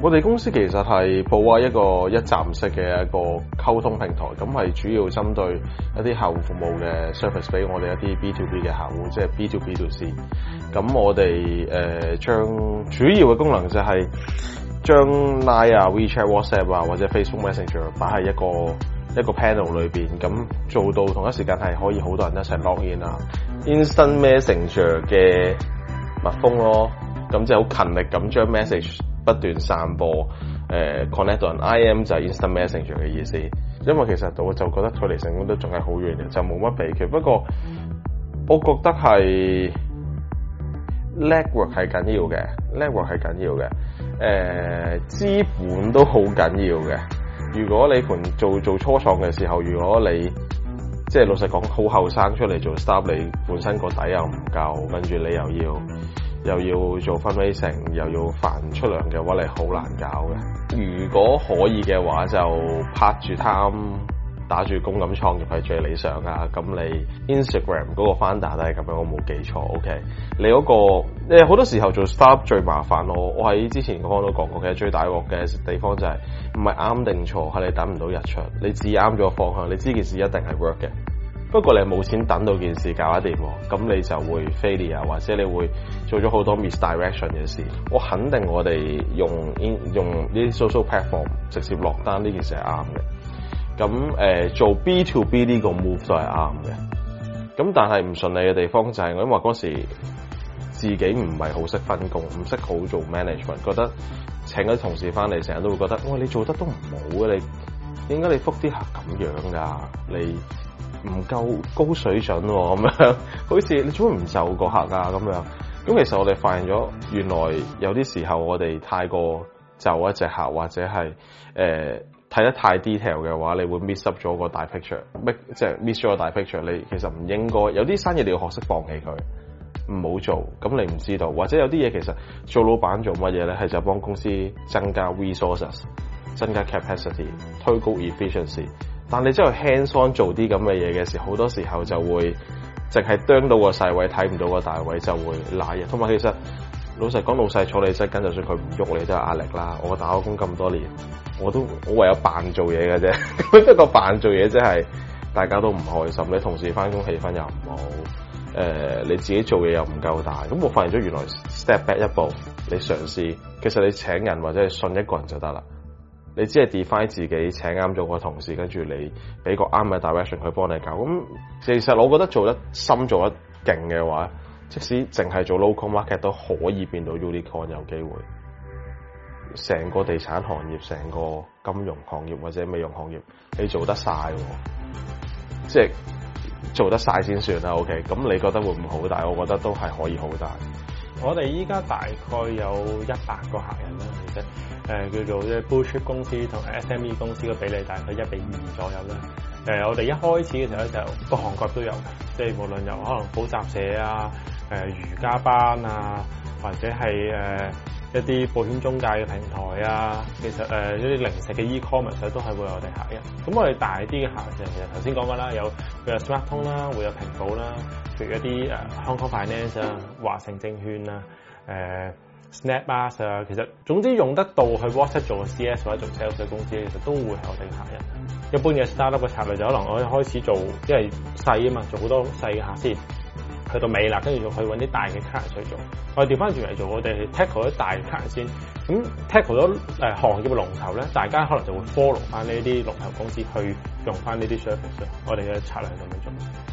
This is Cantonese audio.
我哋公司其實係布開一個一站式嘅一個溝通平台，咁係主要針對一啲客戶服務嘅 service 俾我哋一啲 B to B 嘅客戶，即係 B to B to C。咁我哋、呃、將主要嘅功能就係將 Line 啊、WeChat、WhatsApp 啊或者 Facebook Messenger 擺喺一個一個 panel 裏面，咁做到同一時間係可以好多人一齊 log in 啊，instant message 嘅蜜蜂咯，咁即係好勤力咁將 message。不斷散播、呃、connect on IM 就是 instant message 嘅意思。因為其實我就覺得佢離成功都仲係好遠嘅，就冇乜秘訣。不過我覺得係 network 係緊要嘅，network 係緊要嘅。誒、呃、資本都好緊要嘅。如果你盤做做初創嘅時候，如果你即係老實講好後生出嚟做 start，你本身個底又唔夠，跟住你又要。又要做分批成，又要繁出糧嘅話，你好難搞嘅。如果可以嘅話，就拍住貪，打住工咁創業係最理想啊。咁你 Instagram 嗰個 founder 都係咁樣，我冇記錯。OK，你嗰、嗰個誒好多時候做 startup 最麻煩咯。我喺之前方都講過，其實最大鑊嘅地方就係唔係啱定錯，係你等唔到日出。你只啱咗個方向，你知件事一定係 work 嘅。不過你冇錢等到件事搞掂，咁你就會 failure，或者你會做咗好多 misdirection 嘅事。我肯定我哋用 in 用呢啲 social platform 直接落單呢件事係啱嘅。咁、呃、做 B to B 呢個 move 都係啱嘅。咁但係唔順利嘅地方就係我因為嗰時自己唔係好識分工，唔識好做 management，覺得請咗啲同事翻嚟，成日都會覺得喂，你做得都唔好啊！你點解你覆啲下咁樣㗎？你唔夠高水準喎、哦，咁樣好似你做乜唔就個客啊？咁樣，咁其實我哋發現咗，原來有啲時候我哋太過就一隻客，或者係誒睇得太 detail 嘅話，你會 miss up 咗個大 picture，miss 即係 miss 咗個大 picture。你其實唔應該，有啲生意你要學識放棄佢，唔好做。咁你唔知道，或者有啲嘢其實做老闆做乜嘢咧，係就幫公司增加 resources，增加 capacity，推高 efficiency。但你真係 hands on 做啲咁嘅嘢嘅時候，好多時候就會淨係啄到個細位睇唔到個大位，就會瀨嘢。同埋其實老實講老細坐你身跟，就算佢唔喐你都有壓力啦。我打過工咁多年，我都我唯有扮做嘢嘅啫。不過扮做嘢真係大家都唔開心。你同事翻工氣氛又唔好，誒、呃、你自己做嘢又唔夠大。咁我發現咗原來 step back 一步，你嘗試，其實你請人或者係信一個人就得啦。你只係 define 自己，請啱咗個同事，跟住你俾個啱嘅 direction，佢幫你搞。咁其實我覺得做得深，心做得勁嘅話，即使淨係做 local market 都可以變到 unicorn 有機會。成個地產行業、成個金融行業或者美容行業，你做得曬，即係做得曬先算啦。OK，咁你覺得會唔會好大？我覺得都係可以好大。我哋依家大概有一百個客人啦，其實。誒叫做即 Bootstrap 公司同 SME 公司嘅比例大概一比二左右啦。誒、呃，我哋一開始嘅時候咧就各行業都有嘅，即係無論由可能補習社啊、誒、呃，瑜伽班啊，或者係誒、呃、一啲保險中介嘅平台啊，其實誒、呃、一啲零食嘅 e-commerce、啊、都係會有我哋客嘅。咁我哋大啲嘅客就其實頭先講過啦，有佢有 Smart 通啦，會有平保啦，譬如一啲誒、呃、Hong Kong Finance 啊，華盛證券啦，誒、呃。Snap a s 啊，其實總之用得到去 WhatsApp 做個 CS 或者做 sales 嘅公司，其實都會係我哋客人。一般嘅 startup 嘅策略就可能我開始做，因為細啊嘛，做好多細嘅客先。去到尾啦，跟住就去揾啲大嘅 client 去做。我哋調翻轉嚟做，我哋 tackle 咗啲大 client 先。咁 tackle 咗誒行業嘅龍頭咧，大家可能就會 follow 翻呢啲龍頭公司去用翻呢啲 service。我哋嘅策略就咁做。